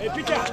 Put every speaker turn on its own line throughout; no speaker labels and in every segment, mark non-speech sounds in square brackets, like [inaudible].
Et Picard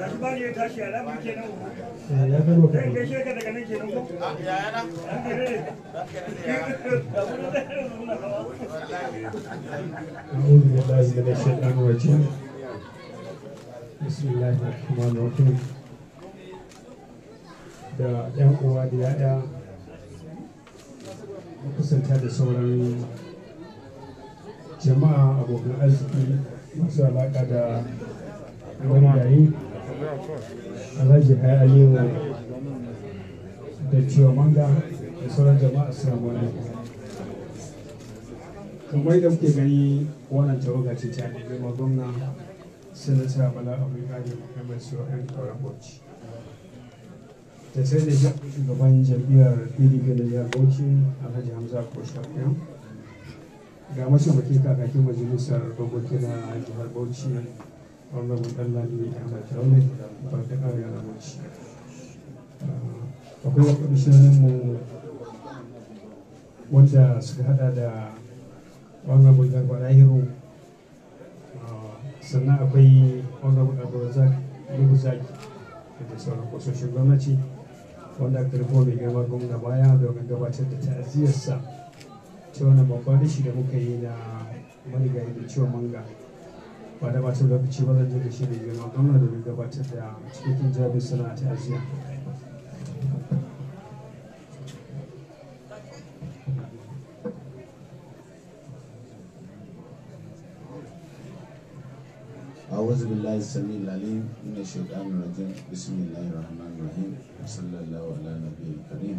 Rashmani ya tashi a ramin kenan uku. Ya karo Da 'yan uwa da ya'ya kusanta da sauran jama'a abokan arziki masu alaƙa da marigayi alhaji haya aliyu da ciwo manga da sauran jama'a assalamu alaikum kamar da muke gani wannan tawaga ce ta ne girma gwamna sanata bala amurka da muhammad siwa yan kauran bauchi da sai da shugaban jam'iyyar pdp da jihar bauchi alhaji hamza ko shafiyan ga mataimakin kakakin majalisar dokoki na jihar bauchi honorable ɗanlami ahmad taune ba ta ƙari na bauchi ah, akwai bishiyar mu wanda suka hada da honorable garba lahiru ah, sannan akwai honorable abdulrazak lubuzaki da sauran kwasoshin gwamnati wanda aka rufo mai girma gwamna baya domin gabatar da ta'aziyarsa ta wani da shi da muka yi na marigayi da ciwon manga ba da bata lokaci ba zan da shi da girma gwamna domin gabatar da cikakken jabin suna ta ajiya
أعوذ بالله السميع العليم من الشيطان الرجيم بسم الله الرحمن الرحيم وصلى الله على الكريم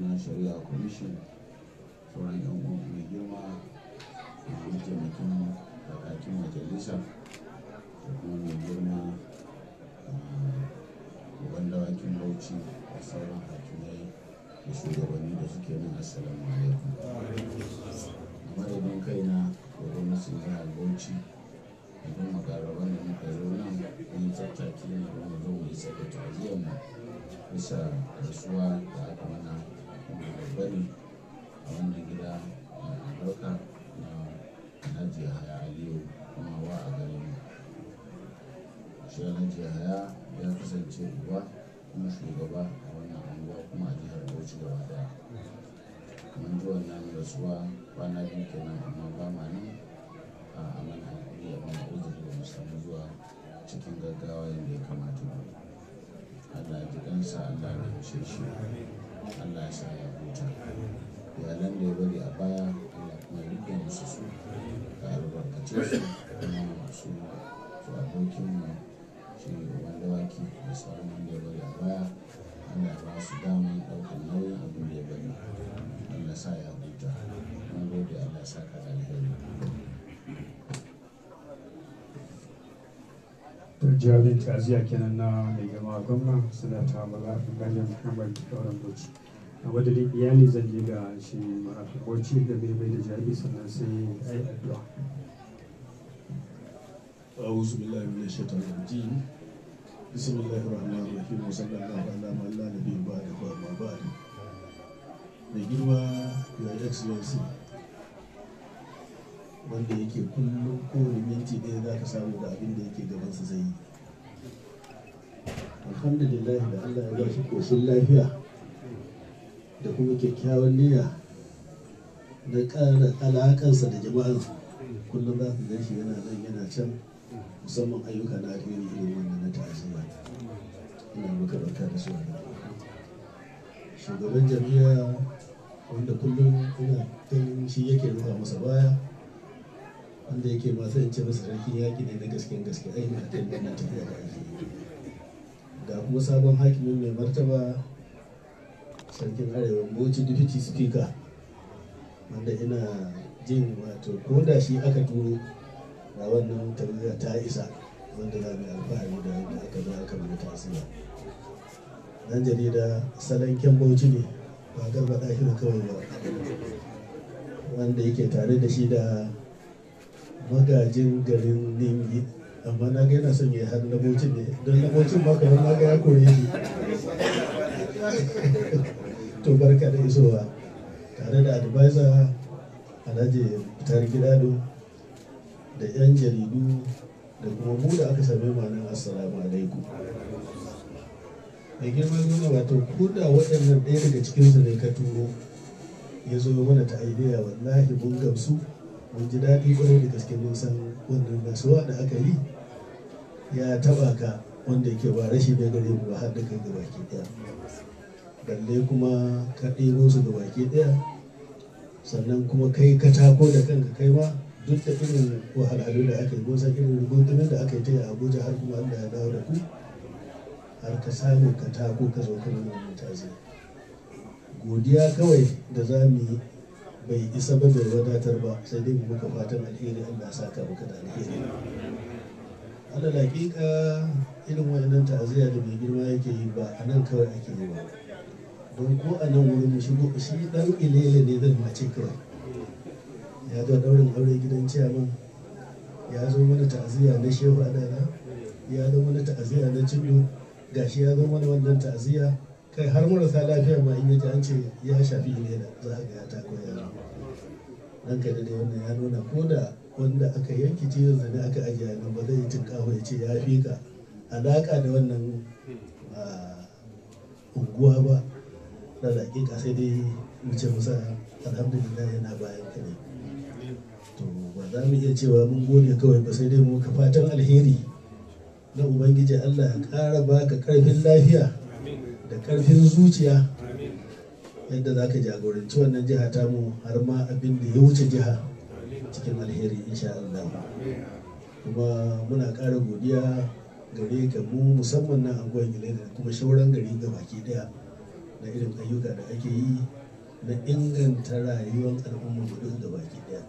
na shari'a commission sauran yan uwan mai girma da mataimakin majalisa da kuma mai girma uban dawakin bauchi da sauran hakimai da shugabanni da suke nan assalamu alaikum madadin kaina da gwamnatin jihar bauchi idan magaraban da muka zo nan wani tattaki ne da mu zo mu isa da mu bisa rasuwa da aka mana bari a wannan gida mai albarka na alhaji haya aliyu kuma wa a garin shi alhaji haya ya kasance uba kuma shugaba a wannan anguwa kuma a jihar bauchi gaba daya mun ji wannan rasuwa kwana biyu kenan amma ba ma ne? a amana hankali a mana uzuri ba mu zuwa cikin gaggawa yadda ya kamata ba Allah ya ji kansa Allah ya rahmshe shi Allah ya sa ya iyalan da ya bari a baya Allah kuma rike musu su ka albarkace su kuma su su abokin mu shi uban dawaki da sauran da ya bari a baya Allah ba su daman ɗaukar nauyin abin da ya bari Allah sa ya huta na gode Allah sa ka
jawabin ta'aziyya kenan na mai gama gwamna suna ta mala ganyen muhammad dauran bauchi a madadin iyali zan je ga shi marafi bauchi da mai mai da jari sannan sai yi addu'a
أعوذ بالله من الشيطان الرجيم بسم الله الرحمن الرحيم وصلى الله على من لا نبي بعده وما بعد mai girma yi excellency wanda yake kullum kowane minti ɗaya za ka samu da abin da yake gabansa zai yi alhamdulillah da Allah ya bashi koshin lafiya da kuma kyakkyawan niyya na ƙara alaƙarsa da jama'ar kullum za su gan shi yana nan yana can musamman ayyuka na alheri irin wannan na ba ina maka barka da su shugaban jami'a wanda kullum ina ganin shi yake rufa masa baya wanda yake masu in ce masa sarki yaƙi ne na gaske gaske ainihin a kan wannan tafiya da ake da kuma sabon hakimin mai martaba sarkin arewa bauchi deputy speaker wanda ina jin wato ko da shi aka turo da wannan tarbiyyar ta isa wanda za mu alfahari da wanda aka zo aka mana tasiri dan jarida salon kyan bauchi ne ba garba ɗaki da kawai ba wanda yake tare da shi da magajin garin ningi amma na ga yana son ya har nabocin ne don nabocin ba kamar na ga ya koye shi [laughs] to barka da isowa tare da advisor alhaji fitar gidado da 'yan jaridu da kuma mu da aka same ma nan assalamu alaikum da girman nuna wato kuda waɗannan ɗaya daga cikinsu ne ka turo ya zo mana ta idea wallahi mun gamsu mun ji daɗi ƙwarai da gaske mun san wannan gasuwa da aka yi ya taba ka wanda yake ba rashi bai gare mu ba har da kai ga daya balle kuma ka ɗebo su ga ke daya sannan kuma kai ka tako da kanka kai ma duk da irin wahalhalu da aka ko gosa irin gundunan da aka yi ta abuja har kuma allah ya dawo da ku har ka samu ka tako ka zo kan wannan mutazi godiya kawai da za mu yi bai isa ba bai wadatar ba sai dai mu muka fatan alheri allah ya saka muka da alheri ala laƙiƙa irin wayannan ta'aziyya da mai girma yake yi ba a nan kawai ake yi ba don ko a nan wurin mu shigo shi dan ilele ne zan mace kawai ya zo daurin aure gidan ciyaman ya zo mana ta'aziyya na shehu adana ya zo mana ta'aziyya na cindo gashi ya zo mana wannan ta'aziyya kai har marasa lafiya ma in yaji an ce ya shafi ilela za a ga ya koya. yaro ranka da wannan ya nuna ko da wanda aka yanki cizon zane aka ajiye nan ba zai cin kawo ya ce ya fi ka alaƙa da wannan unguwa ba na da sai dai wuce musa alhamdulillah yana bayan ka ne to ba za mu iya cewa mun gode kawai ba sai dai mu ka fatan alheri na ubangiji allah ya ƙara ba ka ƙarfin lafiya da ƙarfin zuciya yadda za ka jagoranci wannan jiha tamu har ma abin da ya wuce jiha cikin alheri insha Allah kuma muna ƙara godiya gare ka mu musamman na anguwar gilaida da kuma shauran gari ga baki daya na irin ayyuka da ake yi na inganta rayuwar al'umma mu da baki daya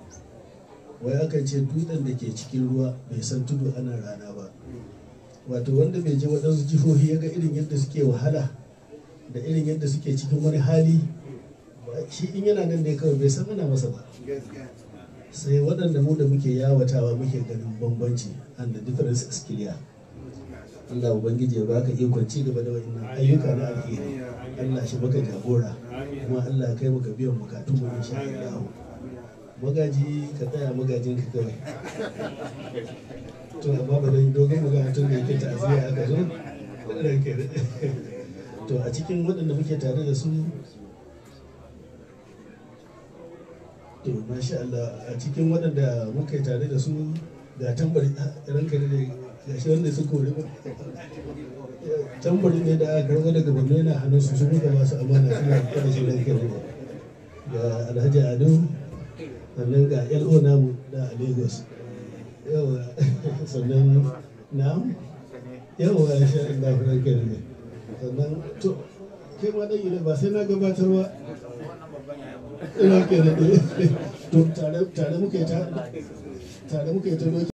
wai aka ce dutsen da ke cikin ruwa bai san tudu ana rana ba wato wanda bai je waɗansu jihohi ya ga irin yadda suke wahala da irin yadda suke cikin wani hali shi in yana nan ne kawai bai san ana masa ba sai waɗanda mu da muke yawatawa muke ganin bambanci and the difference is clear Allah ubangiji ya baka ikon ci gaba da wannan ayyuka na alheri Allah shi baka jagora kuma Allah ya kai maka biyan bukatun mu insha Allah magaji ka tsaya magajin ka kawai to amma ba zan dogon bukatun da yake ta'aziyya aka zo to a cikin waɗanda muke tare da su to masha Allah a cikin waɗanda muka yi tare da su ga tambari ranka ne ga shi wanda su kore ba tambari ne da aka karɓo daga gwamna yana hannun su sun ga masu amana suna kada su ranka da ga alhaji ado sannan ga lo namu da a lagos yawa [laughs] sannan na yawa ya sha Allah ranka ne sannan to kai ma dan ba sai na gabatarwa tare muka yi ta